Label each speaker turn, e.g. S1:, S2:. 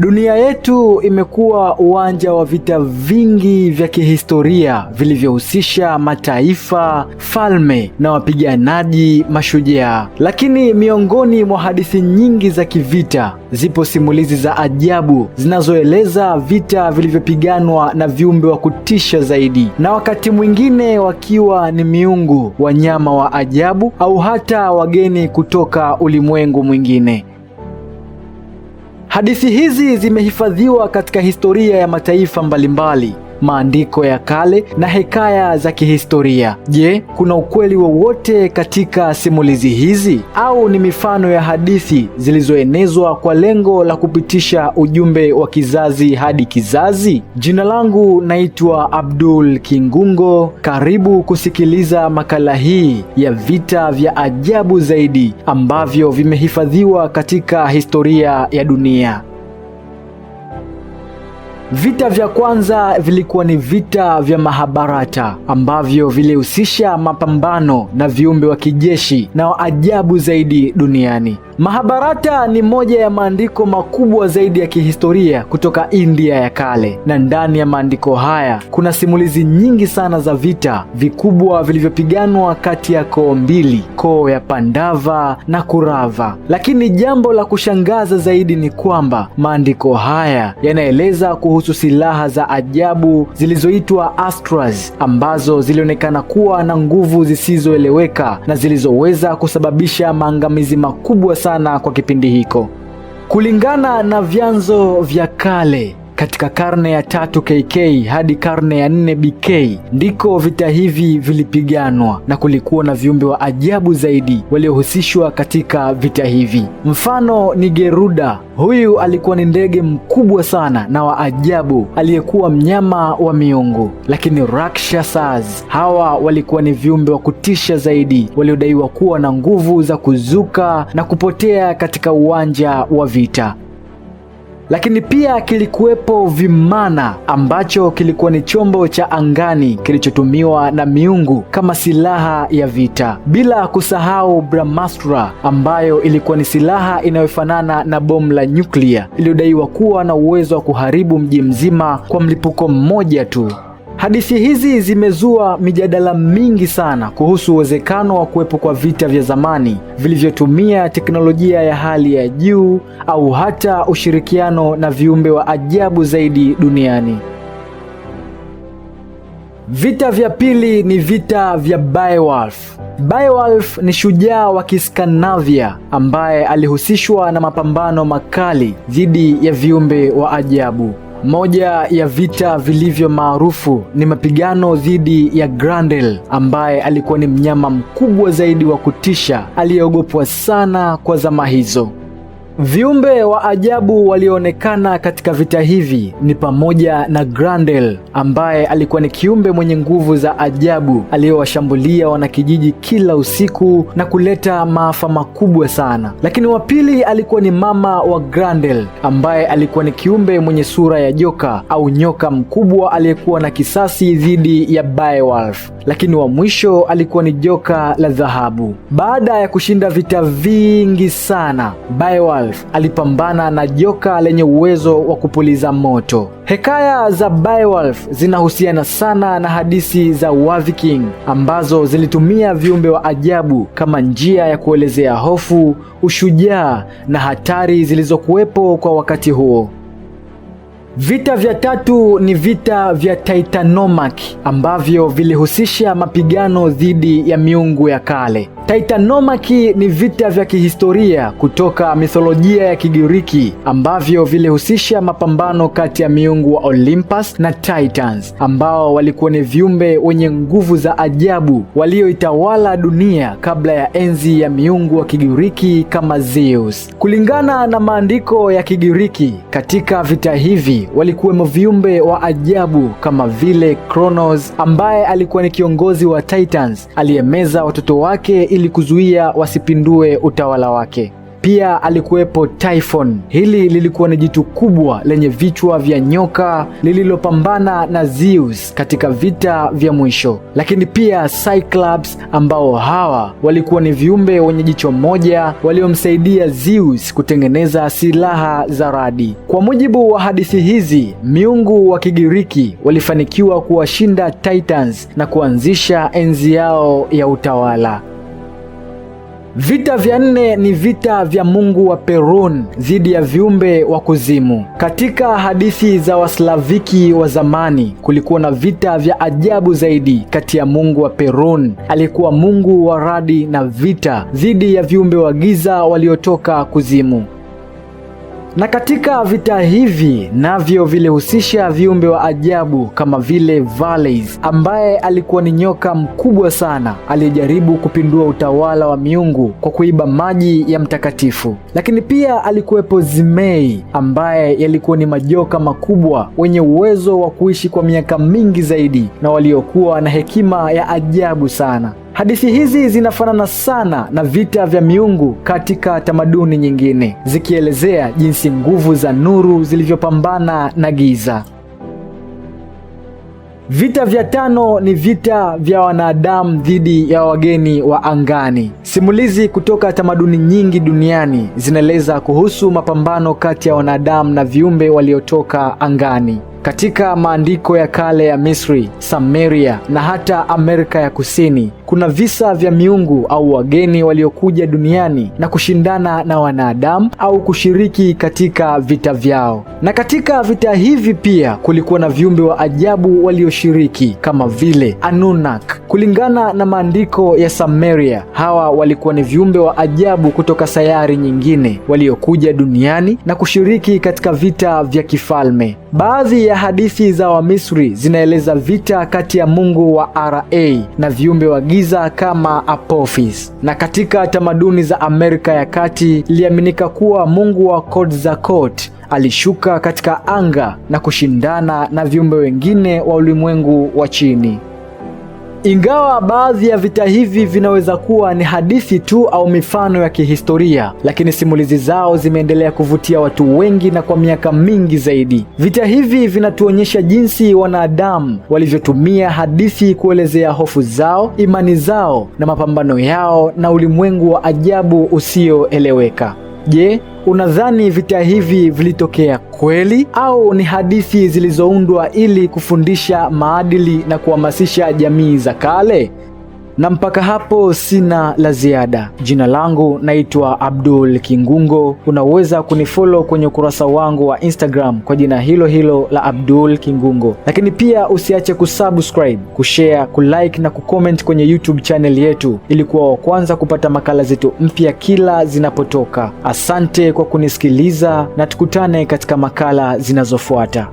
S1: Dunia yetu imekuwa uwanja wa vita vingi vya kihistoria vilivyohusisha mataifa, falme na wapiganaji mashujaa. Lakini miongoni mwa hadithi nyingi za kivita, zipo simulizi za ajabu zinazoeleza vita vilivyopiganwa na viumbe wa kutisha zaidi, na wakati mwingine wakiwa ni miungu, wanyama wa ajabu au hata wageni kutoka ulimwengu mwingine. Hadithi hizi zimehifadhiwa katika historia ya mataifa mbalimbali maandiko ya kale na hekaya za kihistoria. Je, kuna ukweli wowote katika simulizi hizi au ni mifano ya hadithi zilizoenezwa kwa lengo la kupitisha ujumbe wa kizazi hadi kizazi? Jina langu naitwa Abdul Kingungo. Karibu kusikiliza makala hii ya vita vya ajabu zaidi ambavyo vimehifadhiwa katika historia ya dunia. Vita vya kwanza vilikuwa ni vita vya Mahabharata ambavyo vilihusisha mapambano na viumbe wa kijeshi na wa ajabu zaidi duniani. Mahabharata ni moja ya maandiko makubwa zaidi ya kihistoria kutoka India ya kale, na ndani ya maandiko haya kuna simulizi nyingi sana za vita vikubwa vilivyopiganwa kati ya koo mbili, koo ya Pandava na Kurava. Lakini jambo la kushangaza zaidi ni kwamba maandiko haya yanaeleza kuhusu kuhusu silaha za ajabu zilizoitwa Astras ambazo zilionekana kuwa na nguvu zisizoeleweka na zilizoweza kusababisha maangamizi makubwa sana kwa kipindi hiko. Kulingana na vyanzo vya kale, katika karne ya tatu KK hadi karne ya nne BK ndiko vita hivi vilipiganwa na kulikuwa na viumbe wa ajabu zaidi waliohusishwa katika vita hivi. Mfano ni Geruda. Huyu alikuwa ni ndege mkubwa sana na wa ajabu aliyekuwa mnyama wa miungu. Lakini Rakshasas, hawa walikuwa ni viumbe wa kutisha zaidi waliodaiwa kuwa na nguvu za kuzuka na kupotea katika uwanja wa vita. Lakini pia kilikuwepo vimana ambacho kilikuwa ni chombo cha angani kilichotumiwa na miungu kama silaha ya vita, bila kusahau Brahmastra ambayo ilikuwa ni silaha inayofanana na bomu la nyuklia iliyodaiwa kuwa na uwezo wa kuharibu mji mzima kwa mlipuko mmoja tu. Hadithi hizi zimezua mijadala mingi sana kuhusu uwezekano wa kuwepo kwa vita vya zamani vilivyotumia teknolojia ya hali ya juu au hata ushirikiano na viumbe wa ajabu zaidi duniani. Vita vya pili ni vita vya Beowulf. Beowulf ni shujaa wa Kiskandinavia ambaye alihusishwa na mapambano makali dhidi ya viumbe wa ajabu. Moja ya vita vilivyo maarufu ni mapigano dhidi ya Grendel ambaye alikuwa ni mnyama mkubwa zaidi wa kutisha aliyeogopwa sana kwa zama hizo. Viumbe wa ajabu walioonekana katika vita hivi ni pamoja na grandel ambaye alikuwa ni kiumbe mwenye nguvu za ajabu aliyowashambulia wanakijiji kila usiku na kuleta maafa makubwa sana. Lakini wa pili alikuwa ni mama wa grandel ambaye alikuwa ni kiumbe mwenye sura ya joka au nyoka mkubwa aliyekuwa na kisasi dhidi ya Beowulf. Lakini wa mwisho alikuwa ni joka la dhahabu. Baada ya kushinda vita vingi sana Beowulf Ralph alipambana na joka lenye uwezo wa kupuliza moto. Hekaya za Beowulf zinahusiana sana na hadithi za Waviking ambazo zilitumia viumbe wa ajabu kama njia ya kuelezea hofu, ushujaa na hatari zilizokuwepo kwa wakati huo. Vita vya tatu ni vita vya Titanomaki ambavyo vilihusisha mapigano dhidi ya miungu ya kale. Titanomaki ni vita vya kihistoria kutoka mitholojia ya Kigiriki ambavyo vilihusisha mapambano kati ya miungu wa Olympus na Titans ambao walikuwa ni viumbe wenye nguvu za ajabu walioitawala dunia kabla ya enzi ya miungu wa Kigiriki kama Zeus. Kulingana na maandiko ya Kigiriki, katika vita hivi walikuwemo viumbe wa ajabu kama vile Kronos ambaye alikuwa ni kiongozi wa Titans aliyemeza watoto wake ili kuzuia wasipindue utawala wake. Pia alikuwepo Typhon. Hili lilikuwa ni jitu kubwa lenye vichwa vya nyoka lililopambana na Zeus katika vita vya mwisho, lakini pia Cyclops, ambao hawa walikuwa ni viumbe wenye jicho moja waliomsaidia Zeus kutengeneza silaha za radi. Kwa mujibu wa hadithi hizi, miungu wa Kigiriki walifanikiwa kuwashinda Titans na kuanzisha enzi yao ya utawala. Vita vya nne ni vita vya Mungu wa Perun dhidi ya viumbe wa kuzimu. Katika hadithi za Waslaviki wa zamani, kulikuwa na vita vya ajabu zaidi kati ya Mungu wa Perun, aliyekuwa Mungu wa radi na vita dhidi ya viumbe wa giza waliotoka kuzimu. Na katika vita hivi navyo vilihusisha viumbe wa ajabu kama vile Varles ambaye alikuwa ni nyoka mkubwa sana aliyejaribu kupindua utawala wa miungu kwa kuiba maji ya mtakatifu, lakini pia alikuwepo Zimei ambaye yalikuwa ni majoka makubwa wenye uwezo wa kuishi kwa miaka mingi zaidi na waliokuwa na hekima ya ajabu sana. Hadithi hizi zinafanana sana na vita vya miungu katika tamaduni nyingine zikielezea jinsi jinsi nguvu za nuru zilivyopambana na giza. Vita vya tano ni vita vya wanadamu dhidi ya wageni wa angani. Simulizi kutoka tamaduni nyingi duniani zinaeleza kuhusu mapambano kati ya wanadamu na viumbe waliotoka angani. Katika maandiko ya kale ya Misri, Samaria na hata Amerika ya Kusini kuna visa vya miungu au wageni waliokuja duniani na kushindana na wanadamu au kushiriki katika vita vyao. Na katika vita hivi pia kulikuwa na viumbe wa ajabu walioshiriki kama vile Anunnak. Kulingana na maandiko ya Samaria, hawa walikuwa ni viumbe wa ajabu kutoka sayari nyingine waliokuja duniani na kushiriki katika vita vya kifalme. Baadhi ya hadithi za Wamisri zinaeleza vita kati ya mungu wa Ra na viumbe wa giza kama Apophis. Na katika tamaduni za Amerika ya Kati iliaminika kuwa mungu wa Quetzalcoatl alishuka katika anga na kushindana na viumbe wengine wa ulimwengu wa chini. Ingawa baadhi ya vita hivi vinaweza kuwa ni hadithi tu au mifano ya kihistoria, lakini simulizi zao zimeendelea kuvutia watu wengi na kwa miaka mingi zaidi. Vita hivi vinatuonyesha jinsi wanadamu walivyotumia hadithi kuelezea hofu zao, imani zao na mapambano yao na ulimwengu wa ajabu usioeleweka. Je, unadhani vita hivi vilitokea kweli au ni hadithi zilizoundwa ili kufundisha maadili na kuhamasisha jamii za kale? Na mpaka hapo sina la ziada. Jina langu naitwa Abdul Kingungo. Unaweza kunifollow kwenye ukurasa wangu wa Instagram kwa jina hilo hilo la Abdul Kingungo, lakini pia usiache kusubscribe, kushare, kulike na kucomment kwenye YouTube channel yetu ili kuwa wa kwanza kupata makala zetu mpya kila zinapotoka. Asante kwa kunisikiliza na tukutane katika makala zinazofuata.